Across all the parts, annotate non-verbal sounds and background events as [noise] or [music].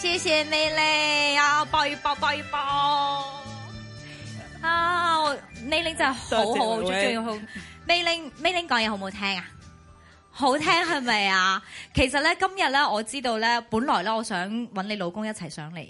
謝謝美玲，啊，啊拜拜拜拜。一、啊啊、美玲真係好好，就好，美玲美玲講嘢好唔好聽啊？好聽係咪啊？其實咧今日咧，我知道咧，本來咧，我想揾你老公一齊上嚟。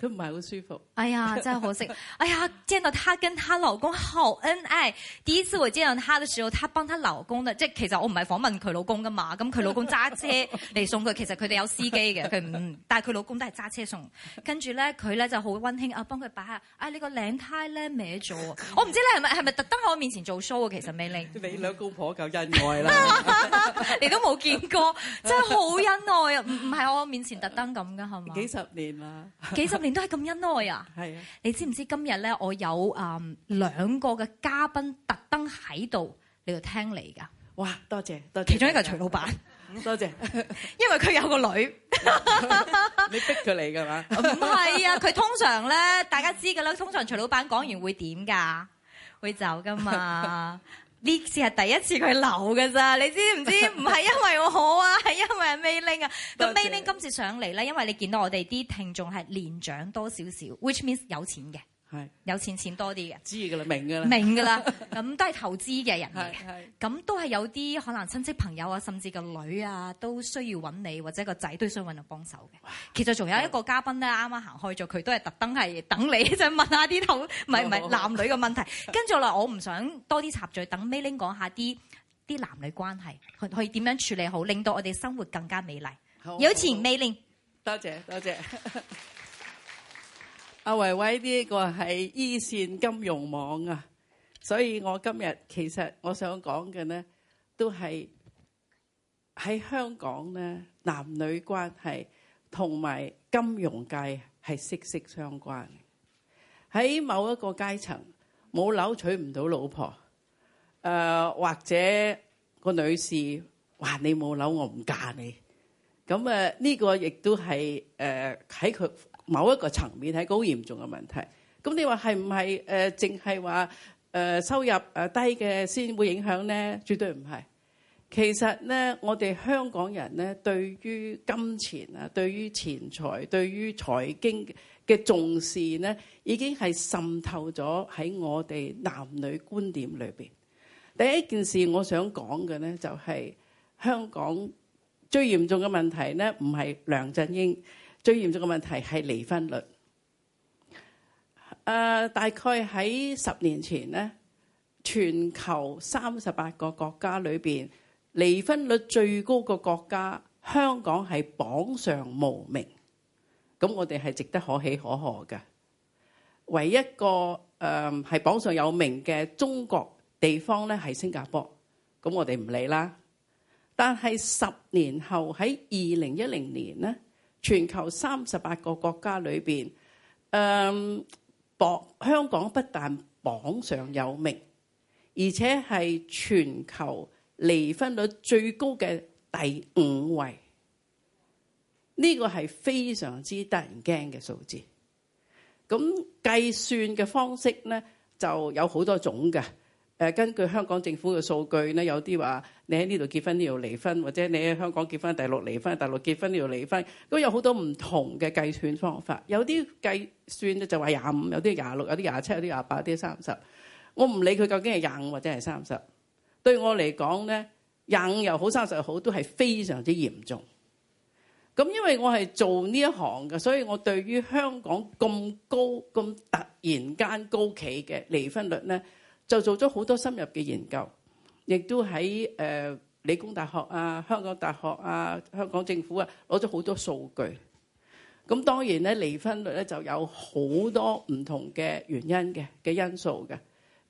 都唔係好舒服。哎呀，真係可惜。 [laughs] 哎呀，見到她跟她老公好恩愛。第一次我見到她的時候，她幫她老公的。即係其實我唔係訪問佢老公噶嘛，咁佢老公揸車嚟送佢。 [laughs] 其實佢哋有司機嘅，佢但係佢老公都係揸車送。跟住咧，佢咧就好溫馨啊，幫佢擺下。啊、哎，你、這個領呔咧歪咗， [laughs] 我唔知咧係咪係咪特登喺我面前做 show 嘅。其實美玲， [laughs] 嗯、你兩公婆夠恩愛啦， [laughs] [laughs] 你都冇見過，真係好恩愛啊！唔係我面前特登咁噶係嘛？幾十年啦，幾。 [laughs] 十年都係咁恩愛啊！係是啊，你知唔知、嗯！你知唔知今日咧，我有誒兩個嘅嘉賓特登喺度你度聽你㗎。哇！多謝，多謝，其中一個係徐老闆，多謝，因為佢有個女。 [laughs] 你逼佢嚟㗎嘛？唔係啊！佢通常咧，大家知㗎啦。通常徐老闆講完會點㗎？會走㗎嘛？呢次係第一次佢留咋，你知唔知？唔係因為我好啊， [laughs] 係因為阿 Meiling 啊。咁 Meiling 今次上嚟咧，因為你見到我哋啲聽眾係年長多少少 [laughs] ，which means 有錢嘅。有錢錢多啲嘅，知㗎啦，明㗎啦，明㗎啦，咁都係投資嘅人嚟，咁都係有啲可能親戚朋友啊，甚至個女啊都需要揾你，或者個仔都需要揾你幫手嘅。其實仲有一個嘉賓咧，啱啱行開咗，佢都係特登係等你，就問下啲頭唔係唔係男女嘅問題。跟住落嚟，我唔想多啲插嘴，等 Meiling 講下啲啲男女關係，去去點樣處理好，令到我哋生活更加美麗。有請 Meiling，多謝多謝。阿維維呢個係一綫金融網啊，所以我今日其實我想講嘅呢都係喺香港咧，男女關係同埋金融界係息息相關。喺某一個階層，冇樓，娶唔到老婆，誒、呃、或者個女士，話你冇樓我唔嫁你，咁啊，呢、呢個亦都係誒喺佢。呃某一個層面係好嚴重嘅問題，咁你話係唔係？誒、呃，淨係話誒收入誒低嘅先會影響咧？絕對唔係。其實咧，我哋香港人咧對於金錢啊、對於錢財、對於財經嘅重視咧，已經係滲透咗喺我哋男女觀點裏邊。第一件事我想講嘅咧，就係、是、香港最嚴重嘅問題咧，唔係梁振英。最嚴重嘅問題係離婚率。大概喺十年前，全球三十八個國家裏面，離婚率最高嘅國家，香港係榜上無名。咁我哋係值得可喜可賀嘅。唯一一個係榜上有名嘅中國地方呢，係新加坡。咁我哋唔理啦。但係十年後喺二零一零年全球三十八個國家裏面，嗯，香港不但榜上有名，而且係全球離婚率最高嘅第五位。呢個係非常之得人驚嘅數字。咁計算嘅方式咧就有好多種嘅。誒根據香港政府嘅數據咧，有啲話你喺呢度結婚呢度離婚，或者你喺香港結婚大陸離婚，大陸結婚呢度離婚，都有好多唔同嘅計算方法。有啲計算就話廿五，有啲廿六，有啲廿七，有啲廿八，有啲三十。我唔理佢究竟係廿五或者係三十，對我嚟講咧，廿五又好，三十又好，都係非常之嚴重。咁因為我係做呢一行嘅，所以我對於香港咁高、咁突然間高企嘅離婚率咧，就做咗好多深入嘅研究，亦都喺誒、呃、理工大學啊、香港大學啊、香港政府啊攞咗好多數據。咁當然咧，離婚率咧就有好多唔同嘅原因嘅嘅因素嘅。誒、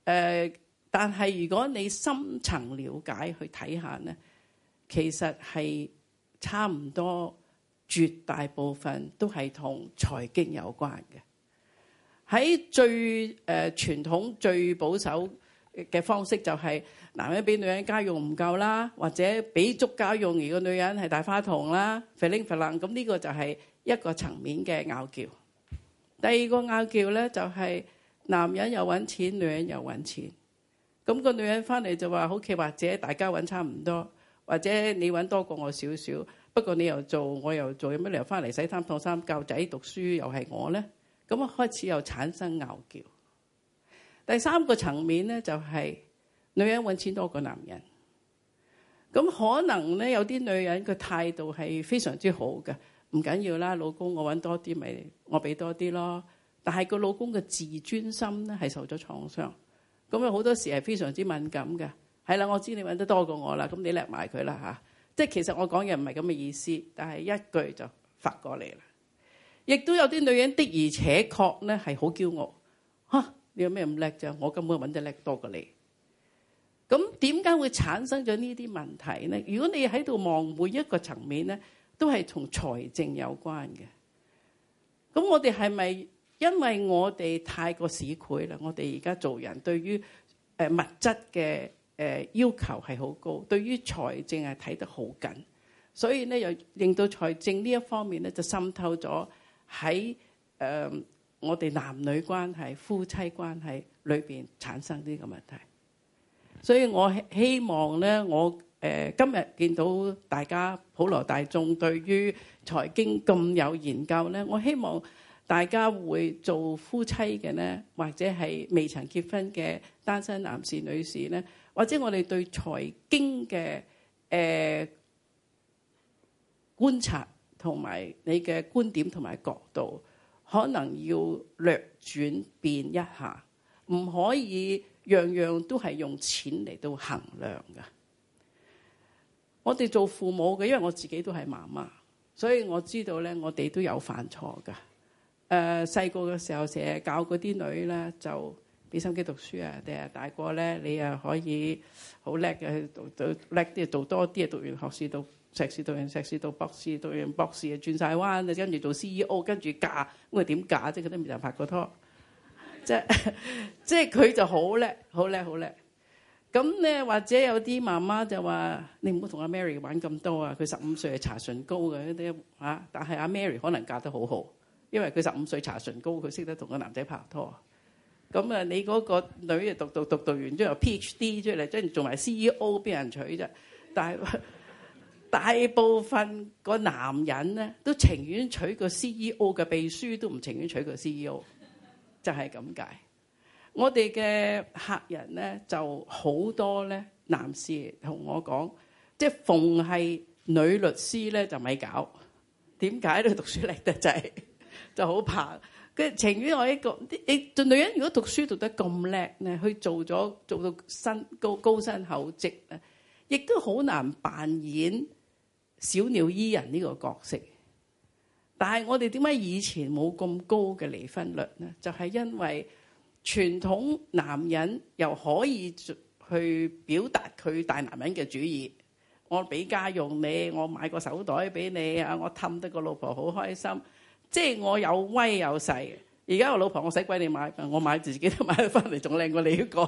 呃，但係如果你深層了解去睇下咧，其實係差唔多絕大部分都係同財經有關嘅。喺最誒、呃、傳統最保守嘅方式就係男人俾女人家用唔夠啦，或者俾足家用而個女人係大花筒啦，肥零肥零咁呢個就係一個層面嘅拗撬。第二個拗撬咧就係男人又揾錢，女人又揾錢，咁、個女人返嚟就話，好企或者大家揾差唔多，或者你揾多過我少少，不過你又做，我又做，有乜理由返嚟洗衫、熨衫、教仔、讀書又係我咧？咁啊，開始又產生拗撬。第三個層面咧，就係女人揾錢多過男人。咁可能咧，有啲女人個態度係非常之好嘅，唔緊要啦，老公我揾多啲，咪我俾多啲咯。但係個老公嘅自尊心咧，係受咗創傷。咁啊，好多時係非常之敏感嘅。係啦，我知你揾得多過我啦，咁你叻埋佢啦嚇。即係其實我講嘢唔係咁嘅意思，但係一句就發過嚟啦。亦都有啲女人的而且確咧係好驕傲吓，你有咩咁叻啫？我根本搵得叻多過你。咁點解會產生咗呢啲問題咧？如果你喺度望每一個層面咧，都係同財政有關嘅。咁我哋係咪因為我哋太過市儈啦？我哋而家做人對於誒物質嘅誒要求係好高，對於財政係睇得好緊，所以咧又令到財政呢一方面咧就滲透咗。喺誒、呃、我哋男女關係夫妻關係裏邊產生呢個問題，所以我希望咧，我誒、呃、今日見到大家普羅大眾對於財經咁有研究咧，我希望大家會做夫妻嘅咧，或者係未曾結婚嘅單身男士、女士咧，或者我哋對財經嘅誒、呃、觀察。同埋你嘅觀點同埋角度，可能要略轉變一下，唔可以樣樣都係用錢嚟到衡量㗎。我哋做父母嘅，因為我自己都係媽媽，所以我知道咧，我哋都有犯錯㗎。誒、細個嘅時候，成日教嗰啲女咧，就俾心機讀書啊。第日大個咧，你呀可以好叻嘅，讀到叻啲，讀多啲嘢，讀完學士都。碩士讀完，碩士讀博士，讀完博士又轉曬彎，跟住做 CEO，跟住嫁。咁佢點嫁啫？佢都未有拍過拖。即即佢就好叻，好叻，好叻。咁咧，或者有啲媽媽就話：你唔好同阿 Mary 玩咁多啊！佢十五歲就搽唇膏嘅啲嚇。但係阿 Mary 可能嫁得好好，因為佢十五歲搽唇膏，佢識得同個男仔拍拖。咁啊，你嗰個女啊讀讀讀讀,讀,讀,讀完之後 PhD 出嚟，即係做埋 CEO，畀人娶啫？但係。 [laughs] 大部分個男人咧都情願娶個 CEO 嘅秘書，都唔情願娶個 CEO，就係咁解。我哋嘅客人咧就好多咧，男士同我講，即係逢係女律師咧就咪搞。點解咧？讀書叻得滯，就好怕。佢情願我一個啲，做女人如果讀書讀得咁叻咧，去做咗做到新高高薪厚職啊，亦都好難扮演，小鳥依人呢個角色，但係我哋點解以前冇咁高嘅離婚率咧？就係因為傳統男人又可以去表達佢大男人嘅主意，我俾家用你，我買個手袋俾你啊，我氹得個老婆好開心，即係我有威有勢，而家我老婆我使鬼你買，我買自己都買得翻嚟，仲靚過你一個，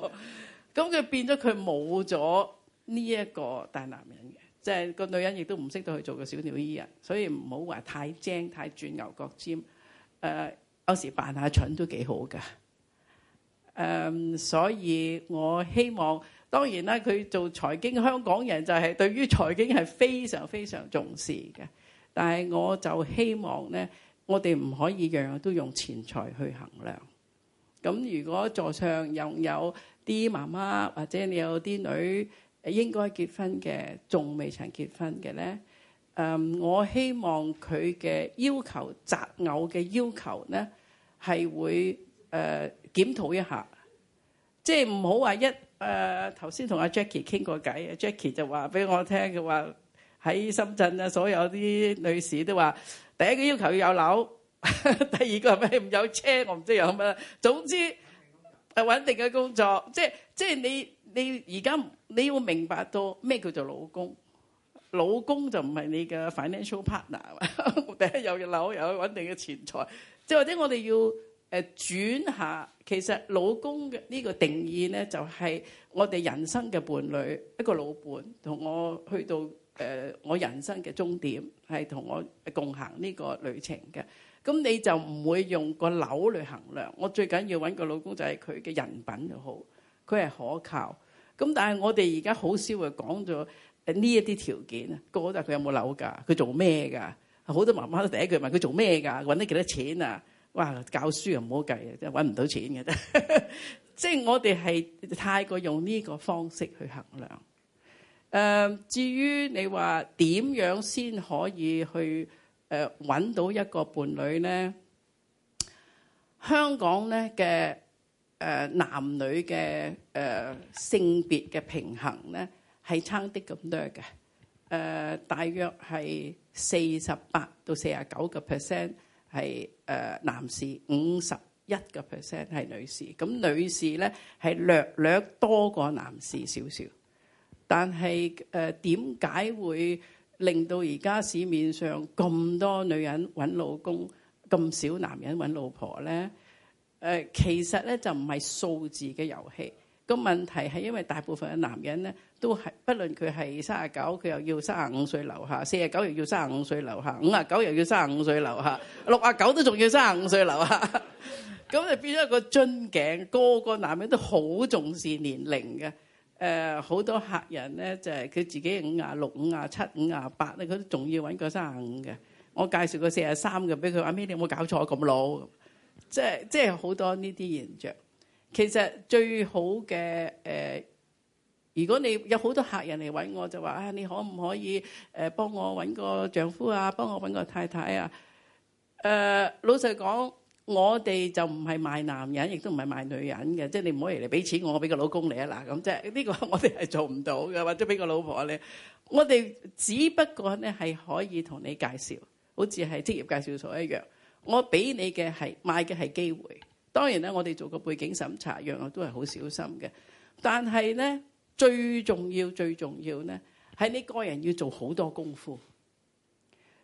咁佢變咗佢冇咗呢一個大男人嘅。即係個女人亦都唔識得去做個小鳥依人，所以唔好話太精太鑽牛角尖。誒、呃，有時扮下蠢都幾好㗎。誒、呃，所以我希望，當然啦，佢做財經香港人就係對於財經係非常非常重視嘅。但係我就希望咧，我哋唔可以樣樣都用錢財去衡量。咁如果座上又有啲媽媽，或者你有啲女。應該結婚嘅，仲未曾結婚嘅咧，誒、嗯，我希望佢嘅要求擇偶嘅要求咧，係會誒、呃、檢討一下，即係唔好話一誒頭、呃、先同阿 Jackie 傾過偈，阿 Jackie 就話俾我聽，佢話喺深圳啊，所有啲女士都話第一個要求要有樓， [laughs] 第二個係咩唔有車，我唔知有乜，總之係穩定嘅工作，即係即係你。你而家你要明白到咩叫做老公？老公就唔係你嘅 financial partner，第一 [laughs] 有嘅樓有穩定嘅錢財，即係或者我哋要誒、呃、轉下。其實老公嘅呢個定義咧，就係、是、我哋人生嘅伴侶，一個老伴，同我去到誒、呃、我人生嘅終點，係同我共行呢個旅程嘅。咁你就唔會用個樓嚟衡量。我最緊要揾個老公，就係佢嘅人品就好。佢係可靠，咁但係我哋而家好少會講咗呢一啲條件啊，嗰就佢有冇樓㗎？佢做咩㗎？好多媽媽都第一句問佢做咩㗎？搵得幾多錢啊？哇！教書又唔好計啊，搵唔到錢嘅，即 [laughs] 係我哋係太過用呢個方式去衡量。誒、呃，至於你話點樣先可以去誒揾、呃、到一個伴侶咧？香港咧嘅。誒男女嘅誒、呃、性別嘅平衡咧係差啲咁多嘅，誒、呃、大約係四十八到四十九個 percent 係誒男士，五十一個 percent 係女士，咁女士咧係略略多過男士少少，但係誒點解會令到而家市面上咁多女人揾老公，咁少男人揾老婆咧？誒、呃、其實咧就唔係數字嘅遊戲，個問題係因為大部分嘅男人咧都係，不論佢係三十九，佢又要三十五歲留下；四十九又要三十五歲留下；五十九又要三十五歲留下；六十九都仲要三十五歲留下。咁 [laughs] 就變咗一個樽頸，個個男人都好重視年齡嘅。誒、呃、好多客人咧就係、是、佢自己五十六、五十七、五十八咧，佢都仲要揾個三十五嘅。我介紹個四十三嘅俾佢，阿媽、e，你有冇搞錯咁老？即係即係好多呢啲現象，其實最好嘅誒、呃，如果你有好多客人嚟揾我就話啊，你可唔可以誒、呃、幫我揾個丈夫啊，幫我揾個太太啊？誒、呃、老實講，我哋就唔係賣男人，亦都唔係賣女人嘅，即係你唔可以嚟俾錢我，我俾個老公你啊，嗱咁即係。呢個我哋係做唔到嘅，或者俾個老婆你，我哋只不過咧係可以同你介紹，好似係職業介紹所一樣。我俾你嘅係賣嘅係機會，當然啦，我哋做個背景審查，樣樣都係好小心嘅。但係咧最重要最重要咧，係你個人要做好多功夫。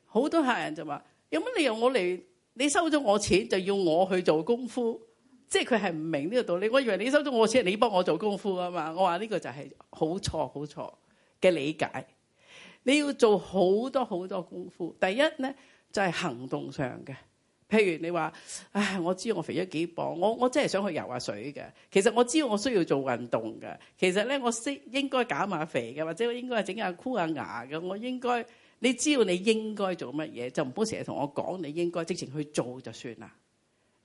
好多客人就話：有乜理由我嚟？你收咗我錢就要我去做功夫？即係佢係唔明呢個道理。我以為你收咗我錢，你幫我做功夫啊嘛。我話呢個就係好錯好錯嘅理解。你要做好多好多功夫。第一咧就係、是、行動上嘅。譬如你話，唉，我知道我肥咗幾磅，我我真係想去游下水嘅。其實我知道我需要做運動嘅。其實咧，我識應該減下肥嘅，或者我應該整下箍下牙嘅。我應該，你知道你應該做乜嘢，就唔好成日同我講，你應該，直情去做就算啦。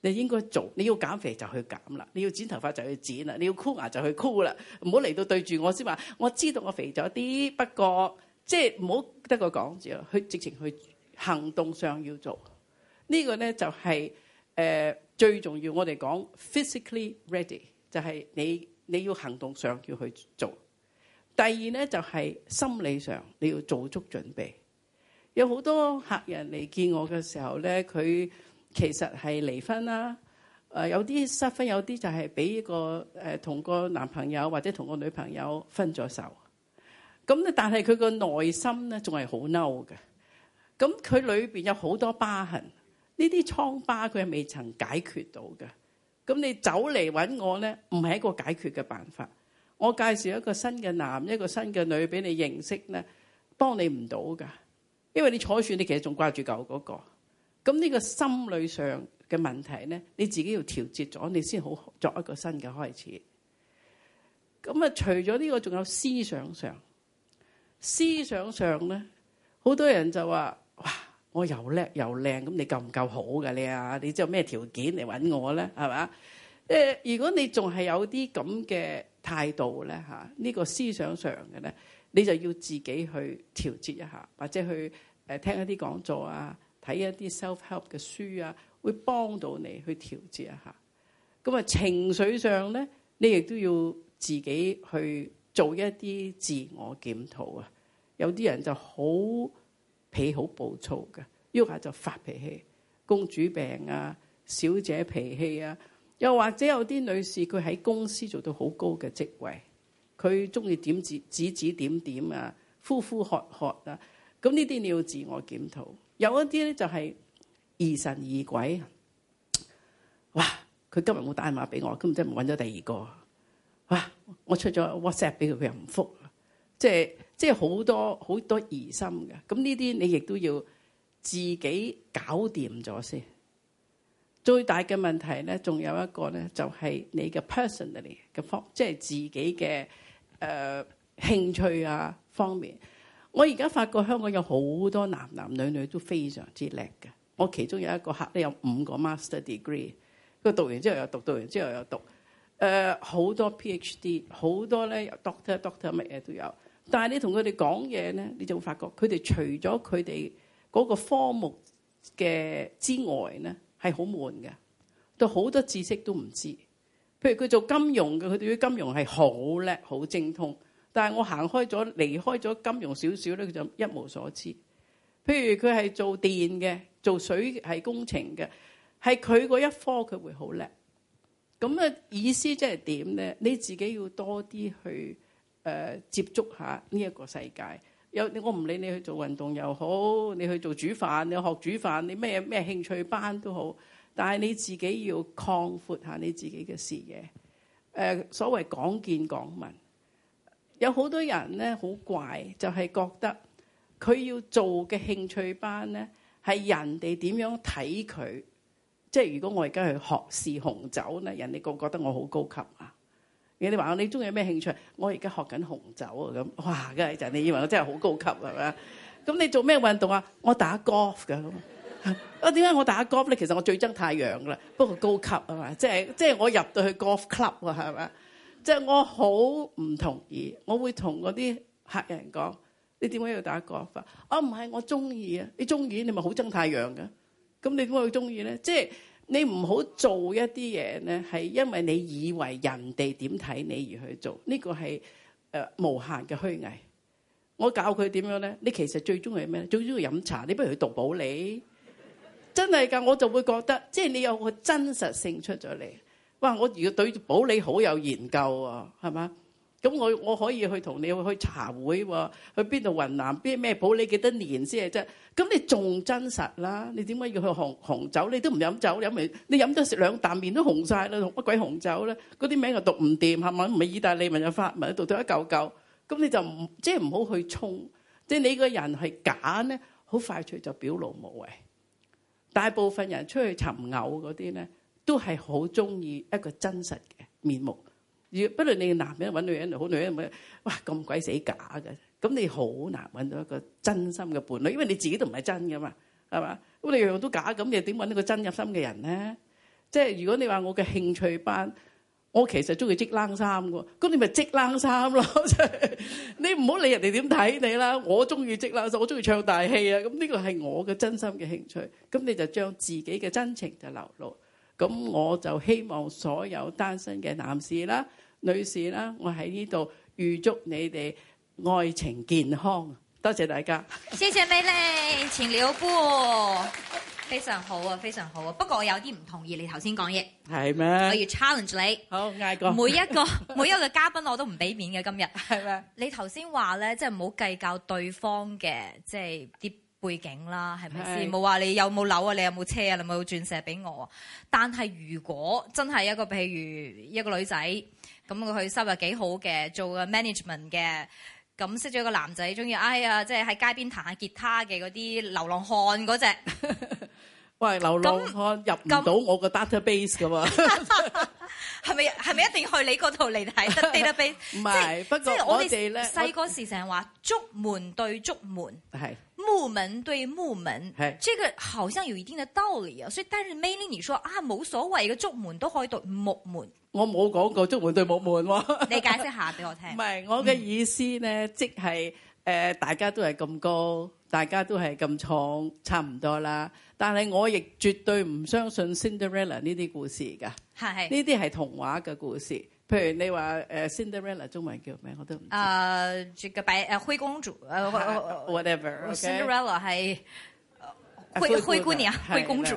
你應該做，你要減肥就去減啦，你要剪頭髮就去剪啦，你要箍牙就去箍啦，唔好嚟到對住我先話。我知道我肥咗啲，不過即係唔好得個講字，去直情去行動上要做。呢個咧就係誒，最重要，我哋講 physically ready，就係你你要行動上要去做。第二咧就係心理上你要做足準備。有好多客人嚟見我嘅時候咧，佢其實係離婚啦，有啲失婚，有啲就係俾個誒同個男朋友或者同個女朋友分咗手。咁咧，但係佢個內心咧仲係好嬲嘅。咁佢裏邊有好多疤痕。呢啲瘡疤佢係未曾解決到㗎，咁你走嚟揾我咧，唔係一個解決嘅辦法。我介紹一個新嘅男，一個新嘅女俾你認識咧，幫你唔到噶。因為你坐船，你其實仲掛住舊嗰、那個。咁呢個心理上嘅問題咧，你自己要調節咗，你先好作一個新嘅開始。咁啊，除咗呢、這個，仲有思想上，思想上咧，好多人就話。我、哦、又叻又靚，咁你夠唔夠好嘅你啊？你知有咩條件嚟揾我咧？係嘛？誒、呃，如果你仲係有啲咁嘅態度咧嚇，呢、這個思想上嘅咧，你就要自己去調節一下，或者去誒聽一啲講座啊，睇一啲 self help 嘅書啊，會幫到你去調節一下。咁啊，情緒上咧，你亦都要自己去做一啲自我檢討啊。有啲人就好。脾好暴躁嘅，喐下就發脾氣，公主病啊，小姐脾氣啊，又或者有啲女士佢喺公司做到好高嘅職位，佢中意點指指指點點啊，呼呼喝喝啊，咁呢啲你要自我檢討。有一啲咧就係疑神疑鬼，哇！佢今日冇打電話俾我，今日真係揾咗第二個，哇！我出咗 WhatsApp 俾佢，佢又唔復，即係。即係好多好多疑心嘅，咁呢啲你亦都要自己搞掂咗先。最大嘅問題咧，仲有一個咧，就係、是、你嘅 personally 嘅方，即係自己嘅誒、呃、興趣啊方面。我而家發覺香港有好多男男女女都非常之叻嘅。我其中有一個客咧，有五個 master degree，佢讀完之後又讀，讀完之後又讀。誒、呃、好多 PhD，好多咧 Doctor Doctor 乜嘢都有。但係你同佢哋講嘢咧，你就會發覺佢哋除咗佢哋嗰個科目嘅之外咧，係好悶嘅，對好多知識都唔知。譬如佢做金融嘅，佢對啲金融係好叻、好精通。但係我行開咗、離開咗金融少少咧，佢就一無所知。譬如佢係做電嘅、做水係工程嘅，係佢嗰一科佢會好叻。咁意思即係點咧？你自己要多啲去。誒，接觸下呢一個世界，有我唔理你去做運動又好，你去做煮飯，你去學煮飯，你咩咩興趣班都好，但係你自己要擴闊下你自己嘅視野。誒、呃，所謂廣見廣聞，有好多人咧好怪，就係、是、覺得佢要做嘅興趣班咧係人哋點樣睇佢，即係如果我而家去學試紅酒咧，人哋個覺得我好高級啊！你話我你中意咩興趣？我而家學緊紅酒啊咁，哇！梗係就你以為我真係好高級係咪啊？咁你做咩運動啊？我打 golf 噶，啊點解我打 golf 咧？其實我最憎太陽噶啦，不過高級啊嘛，即係即係我入到去 golf club 啊係咪即係我好唔同意，我會同嗰啲客人講：你點解要打 golf？啊？啊我唔係我中意啊！你中意你咪好憎太陽噶，咁你點解會中意咧？即係。你唔好做一啲嘢咧，係因為你以為人哋點睇你而去做，呢個係誒無限嘅虛偽。我教佢點樣咧？你其實最中意咩？最中意飲茶，你不如去讀保理，真係㗎。我就會覺得，即係你有個真實性出咗嚟。哇！我如果對保利好有研究喎，係嘛？咁我我可以去同你去茶會、啊，喎，去邊度雲南邊咩保你幾多年先係啫？咁你仲真實啦！你點解要去紅紅酒？你都唔飲酒，飲完你飲多食兩啖面都紅晒啦，乜鬼紅酒咧？嗰啲名又讀唔掂，係咪？唔係意大利文又法文，讀到一舊舊，咁你就唔即係唔好去冲，即係你個人係假咧，好快脆就表露無遺。大部分人出去尋偶嗰啲咧，都係好中意一個真實嘅面目。不論你係男人揾女人定好女人揾，哇咁鬼死假嘅，咁你好難揾到一個真心嘅伴侶，因為你自己都唔係真噶嘛，係嘛？咁你樣樣都假，咁你點揾到一個真入心嘅人咧？即係如果你話我嘅興趣班，我其實中意織冷衫嘅，咁你咪織冷衫咯。你唔好理人哋點睇你啦，我中意織冷衫，我中意唱大戲啊，咁呢個係我嘅真心嘅興趣。咁你就將自己嘅真情就流露。咁我就希望所有單身嘅男士啦～女士啦，我喺呢度預祝你哋愛情健康。多謝大家。謝謝美麗，請留步，非常好啊，非常好啊。不過我有啲唔同意你頭先講嘢。係咩？我要 challenge 你。好，嗌過。每一個每一個嘉賓我都唔俾面嘅今日。係咩？你頭先話咧，即係唔好計較對方嘅即係啲背景啦，係咪先？冇話你有冇樓啊，你有冇車啊，你冇鑽石俾我。但係如果真係一個譬如一個女仔。咁佢收入幾好嘅，做個 management 嘅，咁識咗個男仔，中意哎呀，即係喺街邊彈下吉他嘅嗰啲流浪漢嗰隻。喂，流浪漢入唔到我個 database 㗎嘛？係咪係咪一定要去你嗰度嚟睇 database？唔係，不過我哋咧細個時成日話竹門對竹門，係木門對木門，係即係。這個好像有一定嘅道理啊，所以但是 maybe 你說啊冇所謂嘅竹門都可以對木門。我冇講過竹門對木門喎，你解釋下俾我聽。唔係，我嘅意思咧，即係誒，大家都係咁高，大家都係咁重，差唔多啦。但係我亦絕對唔相信 Cinderella 呢啲故事㗎。係，呢啲係童話嘅故事。譬如你話誒 Cinderella，中文叫咩？我都唔知。啊，這個白誒灰公主，whatever，Cinderella 係灰灰姑娘，灰公主。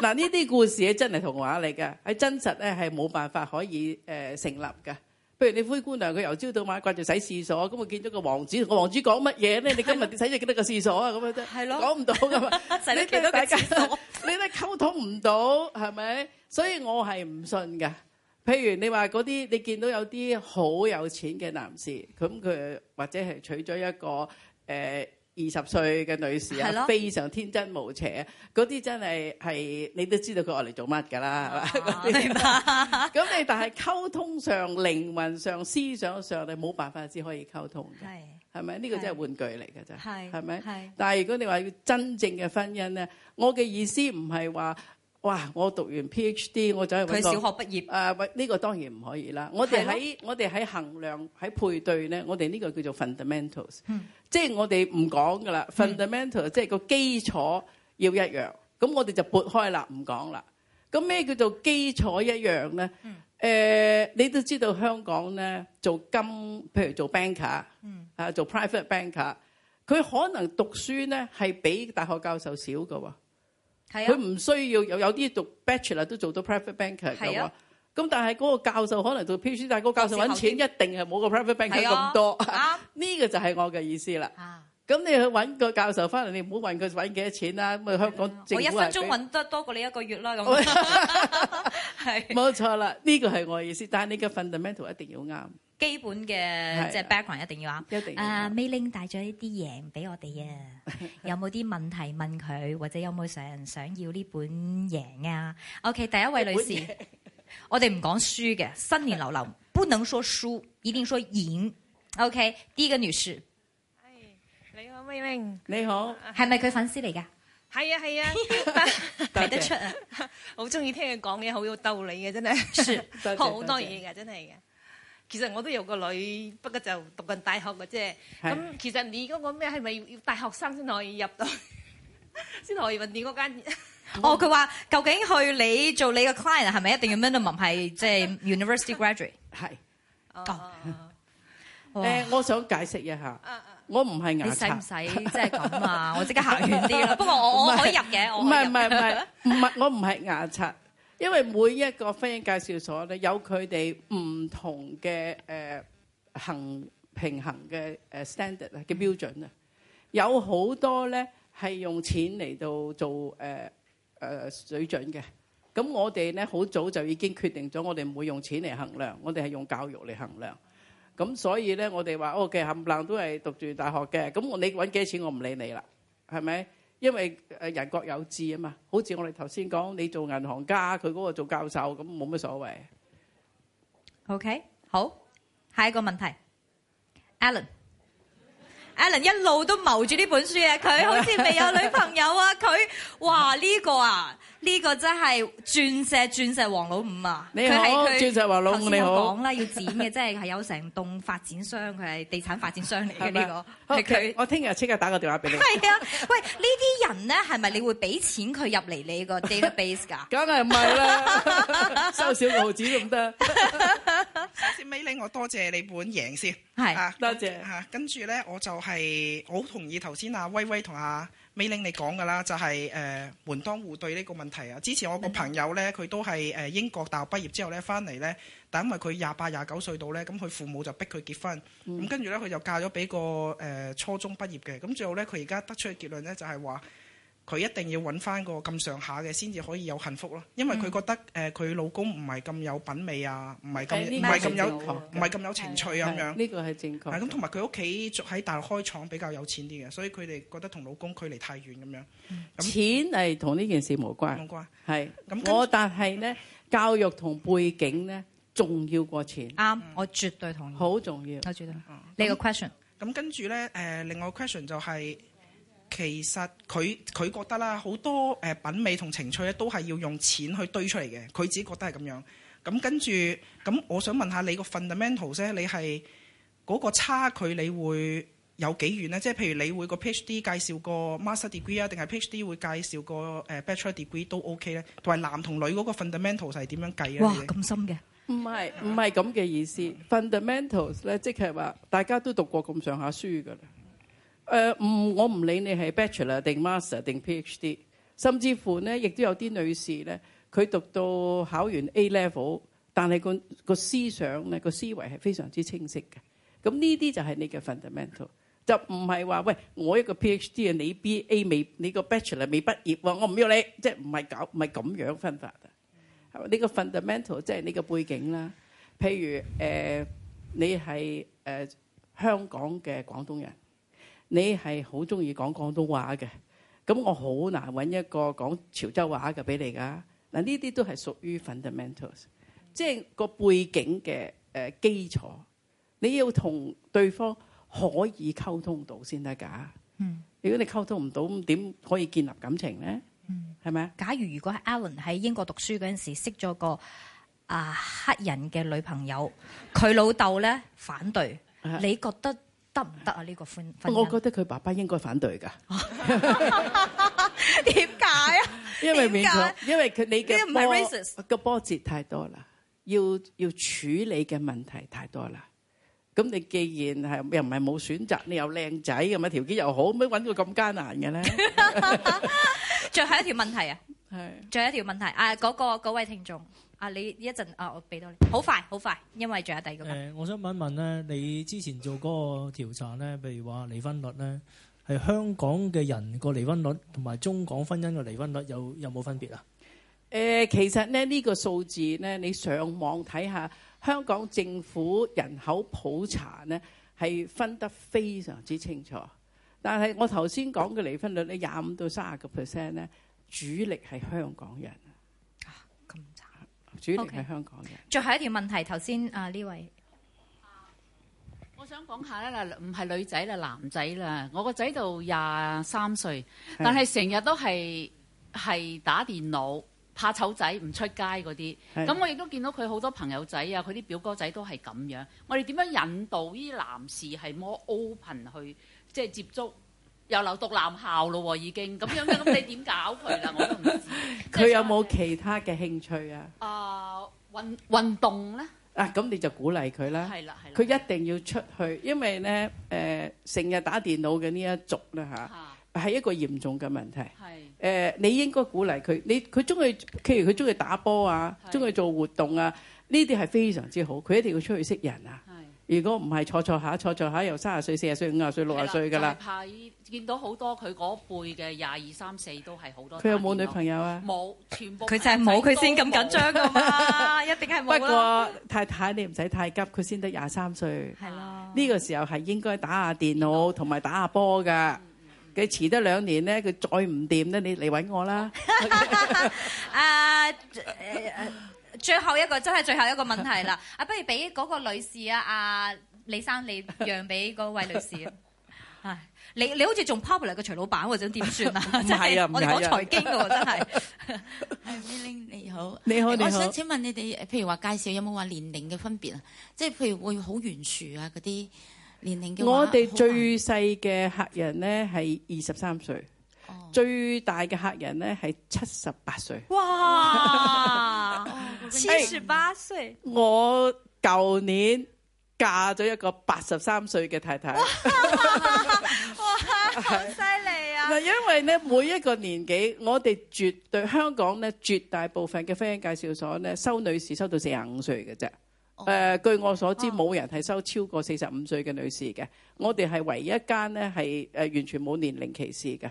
嗱，呢啲故事咧真係童話嚟㗎，喺真實咧係冇辦法可以、呃、成立㗎。譬如你灰姑娘佢由朝到晚掛住洗廁所，咁我見到個王子，個王子講乜嘢咧？的你今日洗咗幾，的 [laughs] 幾多個廁所啊？咁樣啫，係囉，講唔到㗎嘛，你見到大家 [laughs] 你都溝通唔到係咪？所以我係唔信㗎。譬如你話嗰啲，你見到有啲好有錢嘅男士，咁佢或者係娶咗一個誒。呃二十歲嘅女士啊，的非常天真無邪，嗰啲真係係你都知道佢愛嚟做乜㗎啦，係嘛？咁你但係溝通上、 [laughs] 靈魂上、思想上，你冇辦法只可以溝通嘅，係咪的？呢個真係玩具嚟㗎啫，係咪？但係如果你話要真正嘅婚姻咧，我嘅意思唔係話。哇！我讀完 PhD，我就去到。佢小學畢業。誒、呃，呢、呢個當然唔可以啦。我哋喺的我哋喺衡量喺配對咧，我哋呢個叫做 fundamentals，、嗯、即係我哋唔講噶啦。fundamentals、嗯、即係個基礎要一樣。咁我哋就撥開啦，唔講啦。咁咩叫做基礎一樣咧？誒、嗯呃，你都知道香港咧做金，譬如做，banker, 嗯、啊做 banker，啊做 private banker，佢可能讀書咧係比大學教授少噶喎。佢唔、啊、需要有，有有啲讀 Bachelor 都做到 private banker 㗎喎。咁、啊、但係嗰個教授可能做 p c，但係個教授揾錢一定係冇個 private banker 咁多。啊呢， [laughs] 個就係我嘅意思啦。咁、啊、你去揾個教授翻嚟，你唔好問佢揾幾多錢啦。咁、啊、香港政府我一分鐘揾得多過你一個月啦。咁係 [laughs] [laughs] 是。冇錯啦，呢、這個係我嘅意思，但係你嘅 fundamental 一定要啱。基本嘅、啊、即係 background 一定要,一定要啊，阿 Meiling 帶咗呢啲贏俾我哋啊，有冇啲問題問佢，或者有冇人想要呢本贏啊？OK，第一位女士，我哋唔講輸嘅，新年流流 [laughs] 不能說輸，一定說贏。OK，第一個女士，你好 Meiling 你好，係咪佢粉絲嚟噶？係啊係啊，睇、啊啊、 [laughs] [laughs] 得出，啊。 [laughs] 好中意聽佢講嘢，好有道理嘅，真係學好多嘢嘅，真係嘅。其實我都有個女，不過就讀緊大學嘅啫。咁其實你嗰個咩係咪要大學生先可以入到，先可以揾你嗰間？哦，佢話究竟去你做你嘅 client 係咪一定要 minimum 係即係 university graduate？係。哦。誒，我想解釋一下，我唔係牙刷。你使唔使即係咁啊？我即刻行遠啲啦。不過我可以入嘅。唔係唔係唔係，唔係我唔係牙刷。因為每一個婚姻介紹所咧，有佢哋唔同嘅誒衡平衡嘅誒 standard 啊嘅標準啊，有好多咧係用錢嚟到做誒誒水準嘅。咁我哋咧好早就已經決定咗，我哋唔會用錢嚟衡量，我哋係用教育嚟衡量。咁所以咧，我哋話 O.K.，冚唪唥都係讀住大學嘅。咁我你揾幾多錢，我唔理你啦，係咪？因為人各有志啊嘛，好似我哋頭先講你做銀行家，佢嗰個做教授，咁冇乜所謂。OK，好，下一個問題，Allen，Allen 一路都謀住呢本書呀，佢好似未有女朋友啊，佢， [laughs] 哇呢、這個啊！呢個真係鑽石鑽石王老五啊你好！佢係佢頭先講啦，要剪嘅，即係係有成棟發展商，佢係 [laughs] 地產發展商嚟嘅呢個。吧他 OK，我聽日即刻打個電話俾你。係 [laughs] 啊，喂，呢啲人咧係咪你會俾錢佢入嚟你個 database 㗎？梗係唔係啦， [laughs] 收少幾毫子咁唔得。收少美玲，我多謝你本贏先。係是啊，多謝嚇、啊。跟住咧，我就係、是、我好同意頭先阿威威同阿。美玲你講㗎啦，就係誒門當戶對呢個問題啊。之前我個朋友呢，佢都係誒英國大學畢業之後呢返嚟呢，但因為佢廿八廿九歲到呢，咁佢父母就逼佢結婚。咁、嗯、跟住呢，佢就嫁咗俾個誒、呃、初中畢業嘅。咁最後呢，佢而家得出嘅結論呢，就係話，佢一定要揾翻個咁上下嘅先至可以有幸福咯，因為佢覺得誒佢老公唔係咁有品味啊，唔係咁唔係咁有唔係咁有情趣咁樣。呢個係正確。咁同埋佢屋企喺大陸開廠比較有錢啲嘅，所以佢哋覺得同老公距離太遠咁樣。錢係同呢件事無關，無關係。咁我但係咧，教育同背景咧重要過錢。啱，我絕對同意。好重要，我絕對。呢個 question。咁跟住咧誒，另外 question 就係。其實佢佢覺得啦，好多誒品味同情趣咧，都係要用錢去堆出嚟嘅。佢自己覺得係咁樣。咁跟住，咁我想問下你個 fundamentals 咧，你係嗰個差距，你會有幾遠咧？即係譬如你會個 PhD 介紹個 Master Degree 啊，定係 PhD 會介紹個誒 Bachelor Degree 都 OK 咧。同埋男同女嗰個 fundamentals 係點樣計咧？哇，咁深嘅？唔係唔係咁嘅意思。Fundamentals 咧、嗯，fund als，即係話大家都讀過咁上下書㗎啦。誒唔、呃，我唔理你係 Bachelor 定 Master 定 PhD，甚至乎咧，亦都有啲女士咧，佢讀到考完 A level，但係個個思想咧、個思維係非常之清晰嘅。咁呢啲就係你嘅 fundamental，就唔係話喂我一個 PhD，啊你 BA 未，你個 Bachelor 未畢業，我唔要你，即係唔係搞唔係咁樣分法啊？係嘛？呢個 fundamental 即係你個背景啦。譬如誒、呃、你係誒、呃、香港嘅廣東人。你係好中意講廣東話嘅，咁我好難揾一個講潮州話嘅俾你噶。嗱，呢啲都係屬於 fundamentals，即係、嗯、個背景嘅誒基礎。你要同對方可以溝通到先得㗎。嗯，如果你溝通唔到，咁點可以建立感情咧？嗯，係咪啊？假如如果係 Alan 喺英國讀書嗰陣時候識咗個啊、呃、黑人嘅女朋友，佢老豆咧反對，啊、你覺得？得唔得啊？呢個婚婚姻，我覺得佢爸爸應該反對㗎。點解啊？因為變咗，因為佢你嘅唔係 racist 嘅波折太多啦，要要處理嘅問題太多啦。咁你既然係又唔係冇選擇，你又靚仔咁啊，條件又好，咁樣揾到咁艱難嘅咧？仲有一條問題啊！係，仲有一條問題啊！嗰個嗰位聽眾。啊！你一陣啊，我俾到你，好快好快，因為仲有第二個。誒、呃，我想問一問咧，你之前做嗰個調查咧，譬如話離婚率咧，係香港嘅人個離婚率同埋中港婚姻嘅離婚率有有冇分別啊？誒、呃，其實咧呢個數字咧，你上網睇下，香港政府人口普查咧係分得非常之清楚。但係我頭先講嘅離婚率咧，廿五到卅個 percent 咧，主力係香港人。主要係香港嘅。Okay. 最後一條問題，頭先啊呢位，我想講下咧，嗱，唔係女仔啦，男仔啦，我個仔到廿三歲，是的但係成日都係係打電腦，怕醜仔唔出街嗰啲。咁的我亦都見到佢好多朋友仔啊，佢啲表哥仔都係咁樣。我哋點樣引導呢啲男士係 more open 去即係、就是、接觸？又留讀男校咯喎，已經咁樣嘅，咁你點搞佢啦？ [laughs] 我都唔知。佢有冇其他嘅興趣、呃、運運動呢啊？啊，運運動咧？啊，咁你就鼓勵佢啦。係啦，係啦。佢一定要出去，因為咧，誒的，成日、呃、打電腦嘅呢一族咧嚇，係、啊、的一個嚴重嘅問題。係的。誒、呃，你應該鼓勵佢，你佢中意，譬如佢中意打波啊，中意的做活動啊，呢啲係非常之好，佢一定要出去識人啊。如果唔係坐坐下，坐坐下又三十歲、四十歲、五十歲、六十歲㗎啦。係啦，見到好多佢嗰輩嘅廿二、三四都係好多。佢有冇女朋友啊？冇，全部。佢就係冇佢先咁緊張㗎嘛， [laughs] 一定係冇。不過太太，你唔使太急，佢先得廿三歲。係啦，呢個時候係應該打下電腦同埋打下波㗎。佢遲得兩年咧，佢再唔掂咧，你嚟揾我啦。 [laughs] 啊，呃呃最後一個，真係最後一個問題啦！啊，不如俾嗰個女士啊，阿李生你讓俾嗰位女士啊。你你好似仲 popular 個徐老闆或者點算啊？唔係啊，我哋講財經嘅真係。Hi Meiling 你好？你好你好。我想請問你哋，譬如話介紹有冇話年齡嘅分別啊？即係譬如會好懸殊啊嗰啲年齡嘅。我哋最細嘅客人咧係二十三歲，最大嘅客人咧係七十八歲。哇！七十八歲，歲 hey，我舊年嫁咗一個八十三歲嘅太太哇， [laughs] 哇，好犀利啊！因為咧，每一個年紀，我哋絕對香港咧，絕大部分嘅婚姻介紹所咧收女士收到四十五歲嘅啫。誒、oh. 呃，據我所知，冇、oh. 人係收超過四十五歲嘅女士嘅。我哋係唯一一間咧係誒完全冇年齡歧視嘅。誒、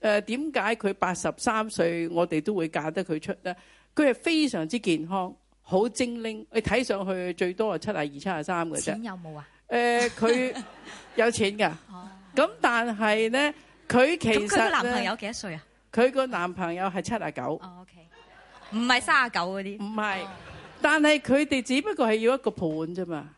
呃，點解佢八十三歲，我哋都會嫁得佢出咧？佢係非常之健康，好精靈。你睇上去最多係七啊二、七啊三嘅啫。錢有冇啊？誒、 [laughs] 呃，佢有錢㗎。咁、哦、但係咧，佢其實佢個男朋友幾多歲啊？佢個男朋友係七啊九。OK 唔係三啊九嗰啲。唔、okay. 係，是哦、但係佢哋只不過係要一個伴啫嘛。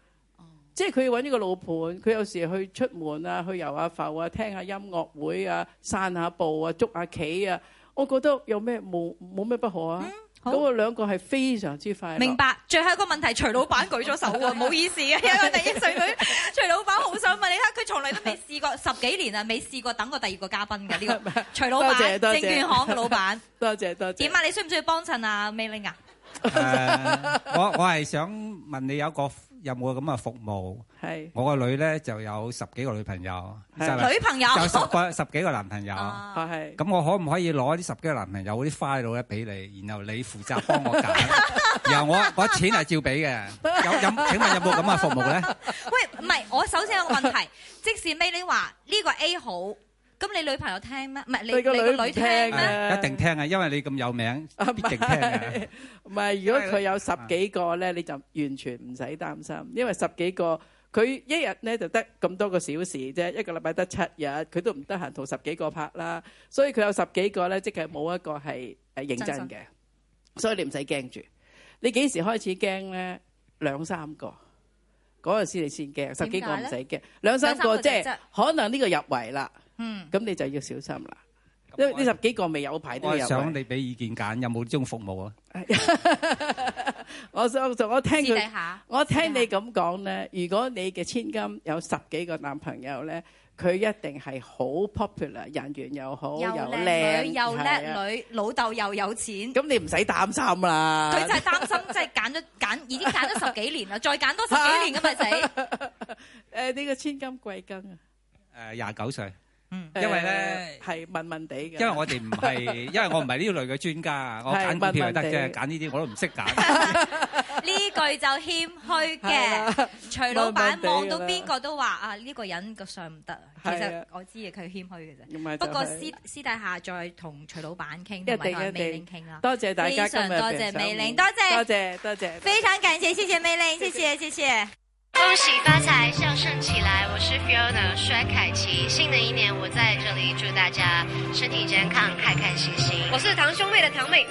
即係佢要揾呢個老伴，佢有時候去出門啊，去遊下埠啊，聽下音樂會啊，散下步啊，捉下棋啊，我覺得有咩冇冇咩不可啊？嗯嗰個好兩個係非常之快，明白。最後一個問題，徐老闆舉咗手喎、啊，唔好 [laughs] 意思嘅、啊，有個第一歲女 [laughs] 徐老闆好想問，你睇佢從嚟都未試過， [laughs] 十幾年啊，未試過等過第二個嘉賓嘅呢、這個徐老闆， [laughs] 證券行嘅老闆。多謝 [laughs] 多謝。點啊？你需唔需要幫襯阿 Meiling 啊？ [laughs] uh, 我我係想問你有個有冇咁嘅服務？係是我個女咧就有十幾個女朋友，是是女朋友有十個十幾個男朋友，係咁、啊、我可唔可以攞啲十幾個男朋友嗰啲 file 咧俾你？然後你負責幫我揀， [laughs] 然後我我錢係照俾嘅。有有，請問有冇咁嘅服務咧？ [laughs] 喂，唔係，我首先有個問題，即使 Meiling 你話呢個 A 好。咁你女朋友聽咩？唔係你你個女聽咩？一定聽啊，因為你咁有名，必定聽啊。唔係、啊、如果佢有十幾個咧，啊、你就完全唔使擔心，因為十幾個佢一日咧就得咁多個小時啫，一個禮拜得七日，佢都唔得閒同十幾個拍啦。所以佢有十幾個咧，即係冇一個係誒認真嘅，真信，所以你唔使驚住。你幾時開始驚咧？兩三個嗰陣、那個、時你先驚，十幾個唔使驚，兩三個即、就、係、是、可能呢個入圍啦。嗯，咁你就要小心啦。呢呢十幾個未有牌都有。我想你俾意見揀，有冇呢種服務啊？我我我聽佢，我聽你咁講咧，如果你嘅千金有十幾個男朋友咧，佢一定係好 popular，人緣又好，又靚，又叻女，老豆又有錢。咁你唔使擔心啦。佢就係擔心，即係揀咗揀，已經揀咗十幾年啦，再揀多十幾年咁咪死。誒呢個千金貴庚啊，誒廿九歲。因為咧係問問地嘅，因為我哋唔係，因為我唔係呢類嘅專家，我揀股票係得嘅，揀呢啲我都唔識揀。呢句就謙虛嘅，徐老闆望到邊個都話啊，呢個人個相唔得，其實我知嘅，佢謙虛嘅啫。不過私私底下再同徐老闆傾，都唔係同美玲傾啦。多謝大家，今日嘅上非常多謝美玲，多謝多謝，非常感謝，謝謝美玲，謝謝謝謝。恭喜發財，笑聲起來！我是 Fiona 薛凱琪，新的一年我在這裏祝大家身體健康，開開心心。我是堂兄妹的堂妹。